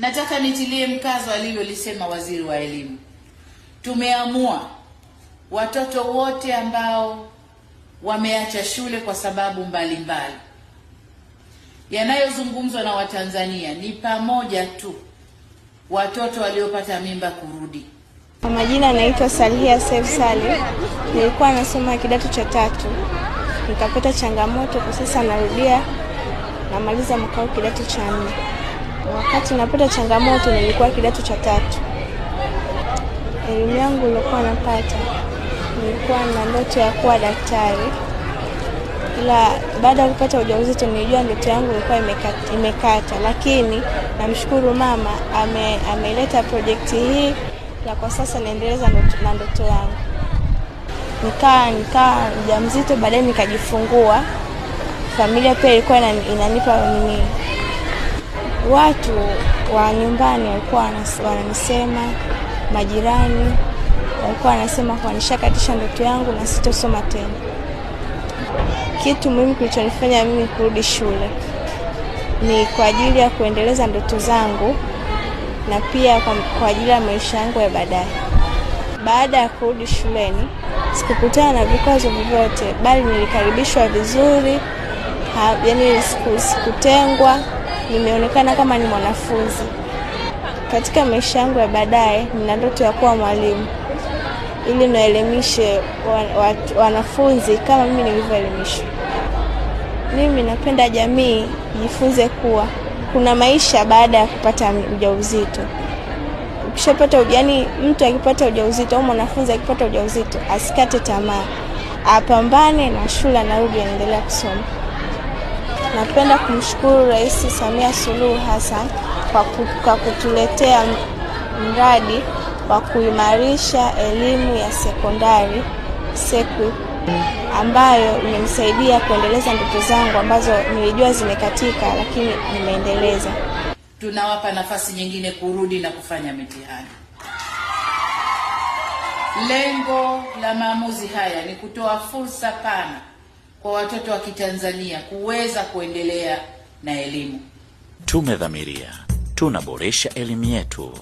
Nataka nitilie mkazo alilolisema waziri wa elimu. Tumeamua watoto wote ambao wameacha shule kwa sababu mbalimbali, yanayozungumzwa na Watanzania ni pamoja tu watoto waliopata mimba kurudi. Kwa majina anaitwa Salihia Saif Sali, nilikuwa anasoma kidato cha tatu, nikapata changamoto kwa sasa narudia, namaliza mwaka huu kidato cha nne. Wakati napata changamoto nilikuwa kidato cha tatu. Elimu yangu nilikuwa napata, nilikuwa na ndoto ya kuwa daktari, ila baada ya kupata ujauzito nilijua ndoto yangu ilikuwa imekata, imekata. Lakini namshukuru mama ame, ameleta projekti hii na kwa sasa naendeleza na ndoto yangu. Nikaa nikaa mjamzito, baadaye nikajifungua. Familia pia ilikuwa inanipa nini watu wa nyumbani walikuwa wananisema, majirani walikuwa wanasema kwa nishakatisha ndoto yangu na sitosoma tena. Kitu muhimu kilichonifanya mimi kurudi shule ni kwa ajili ya kuendeleza ndoto zangu na pia kwa, kwa ajili ya maisha yangu ya baadaye. Baada ya kurudi shuleni, sikukutana na vikwazo vyovyote, bali nilikaribishwa vizuri, yaani sikutengwa nimeonekana kama ni mwanafunzi. Katika maisha yangu ya baadaye, nina ndoto ya kuwa mwalimu ili naelimishe wanafunzi kama mimi nilivyoelimishwa. Mimi napenda jamii ijifunze kuwa kuna maisha baada ya kupata ujauzito. Ukishapata yani, mtu akipata ujauzito au mwanafunzi akipata ujauzito asikate tamaa, apambane na shule, anarudi, anaendelea kusoma. Napenda kumshukuru Rais Samia Suluhu Hassan kwa kutuletea mradi wa kuimarisha elimu ya sekondari seku ambayo imemsaidia kuendeleza ndoto zangu ambazo nilijua zimekatika, lakini nimeendeleza. Tunawapa nafasi nyingine kurudi na kufanya mitihani. Lengo la maamuzi haya ni kutoa fursa pana kwa watoto wa Kitanzania kuweza kuendelea na elimu. Tumedhamiria tunaboresha elimu yetu.